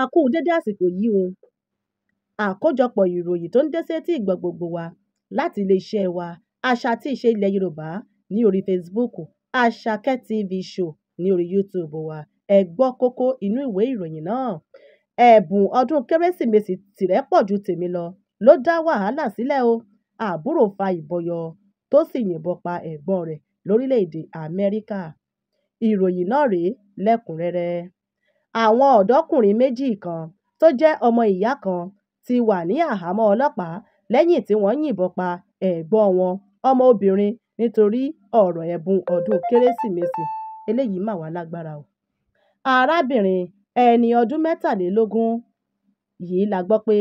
A kú dédé àsìkò yìí o. Àkójọpọ̀ ìròyìn tó ń dé sí etí ìgbọ́ gbogbo wa láti ilé-iṣẹ́ wa Àṣà àti Ìṣe ilẹ̀ Yorùbá ní orí Facebook, Àṣàkẹ́ TV Show ní orí YouTube wa. Ẹ gbọ́ kókó inú ìwé ìròyìn náà. Ẹ̀bùn ọdún Kérésìmesì tìrẹ́pọ̀jù tèmi lọ ló dá wàhálà sílẹ̀ o. Àbúrò fa ìbọn yọ tó sì yìnbọn pa ẹ̀gbọ́n rẹ̀ lórílẹ̀-èdè Amẹ́ríkà. Ìròyìn náà rèé lẹ́kùnrẹ́rẹ́ àwọn ọ̀dọ́kùnrin méjì kan tó jẹ́ ọmọ ìyá kan ti wà ní àhámọ́ ọlọ́pàá lẹ́yìn tí wọ́n yìnbọn pa ẹ̀gbọ́n wọn ọmọ obìnrin nítorí ọ̀rọ̀ ẹ̀bùn ọdún kérésìmesì eléyìí mà wá lágbára o. arábìnrin ẹni ọdún mẹ́tàlélógún yìí la gbọ́ pé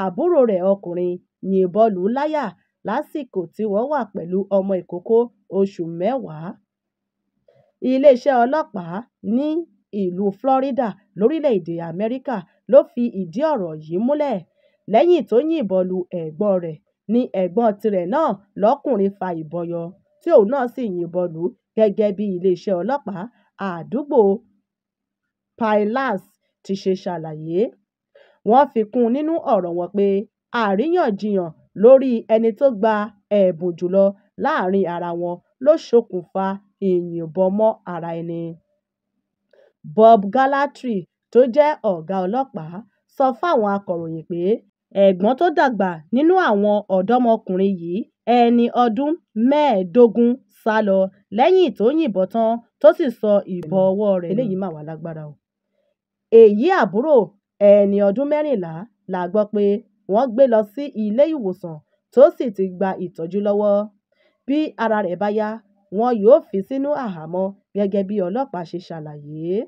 àbúrò rẹ̀ ọkùnrin yìnbọn lù láyà lásìkò tí wọ́n wà pẹ̀lú ọmọ ìkókó oṣù mẹ́wàá. iléeṣẹ́ ọlọ́pàá ní ìlú Florida lórílẹ̀-èdè Amẹ́ríkà ló fi ìdí ọ̀rọ̀ yìí múlẹ̀. Lẹ́yìn tó yìnbọn lu ẹ̀gbọ́n rẹ̀ ni ẹ̀gbọ́n tirẹ̀ náà lọ́kùnrin fa ìbọn yọ, tí òun náà sì yìnbọn lù ú gẹ́gẹ́ bí iléeṣẹ́ ọlọ́pàá àdúgbò Pinellas ti ṣe ṣàlàyé. Wọ́n fi kún un nínú ọ̀rọ̀ wọn pé àríyànjiyàn lórí ẹni tó gba ẹ̀bùn jùlọ láàrin ara wọn ló ṣokùnfà ìyìnbọnmọ́ra ẹni. Bob Galatry tó jẹ́ ọ̀gá ọlọ́pàá, sọ fáwọn akọ̀ròyìn pé ẹ̀gbọ́n tó dàgbà nínú àwọn ọ̀dọ́mọkùnrin yìí, ẹni ọdún mẹ́ẹ̀ẹ́dógún, sálọ lẹ́yìn tó yìnbọn tán tó sì sọ ìbọn ọwọ́ rẹ̀ nù. Èyí àbúrò ẹni ọdún mẹ́rìnlá la gbọ́ pé wọ́n gbé lọ sí ilé-ìwòsàn tó sì ti gba ìtọ́jú lọ́wọ́. Bí ara rẹ̀ bá yá wọn yóò fi sínú àhámọ́ gẹ́gẹ́ bí ọlọ́pàá ṣe ṣàlàyé.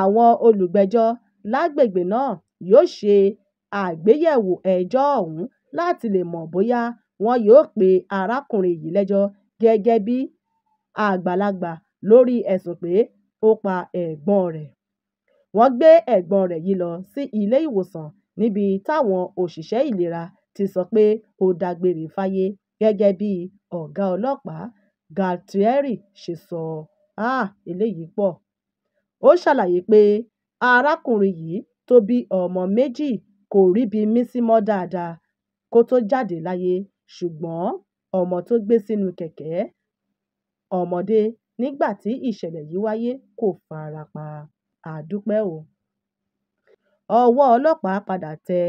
Àwọn olùgbẹ́jọ́ lágbègbè náà yóò ṣe àgbéyẹ̀wò ẹjọ́ ọ̀hún láti lè mọ̀ bóyá wọn yóò pe arákùnrin yìí lẹ́jọ́ gẹ́gẹ́ bí àgbàlagbà lórí ẹ̀sùn pé ó pa ẹ̀gbọ́n rẹ̀. Wọ́n gbé ẹ̀gbọ́n rẹ̀ yìí lọ sí ilé-ìwòsàn níbi táwọn òṣìṣẹ́ ìlera ti sọ pé ó dágbére fáyé gẹ́gẹ́ bí ọ̀gá ọlọ́pàá Gualtieri ṣe sọ. Háà! Ah, eléyìí pọ̀. Ó ṣàlàyé pé arákùnrin yìí tó bí ọmọ méjì kò ríbi mí sí mọ́ dáadáa kó tó jáde láyé ṣùgbọ́n ọmọ tó gbé sínú kẹ̀kẹ́ ọmọdé nígbà tí ìṣẹ̀lẹ̀ yìí wáyé kò fara pa. A o. Ọwọ́ ọlọ́pàá padà tẹ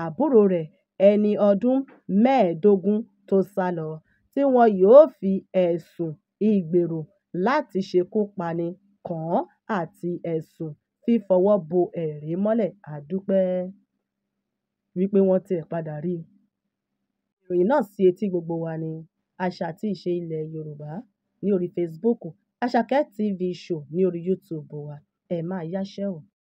àbúrò rẹ̀ ẹni ọdún mẹ́ẹ̀ẹ́dógún tó sálọ tí wọn yóò fi ẹ̀sùn ìgbèrò láti ṣekúpani kàn án àti ẹ̀sùn fífọwọ́ bo ẹ̀rí mọ́lẹ̀ á dúpẹ́ wípé wọ́n tiẹ̀ padà rí i. ìròyìn náà sí etí gbogbo wa ni àṣà àti ìṣe ilẹ̀ Yorùbá ní orí Facebook Àṣàkẹ́ TV Show ní orí YouTube wa ẹ máa yáṣẹ́ o.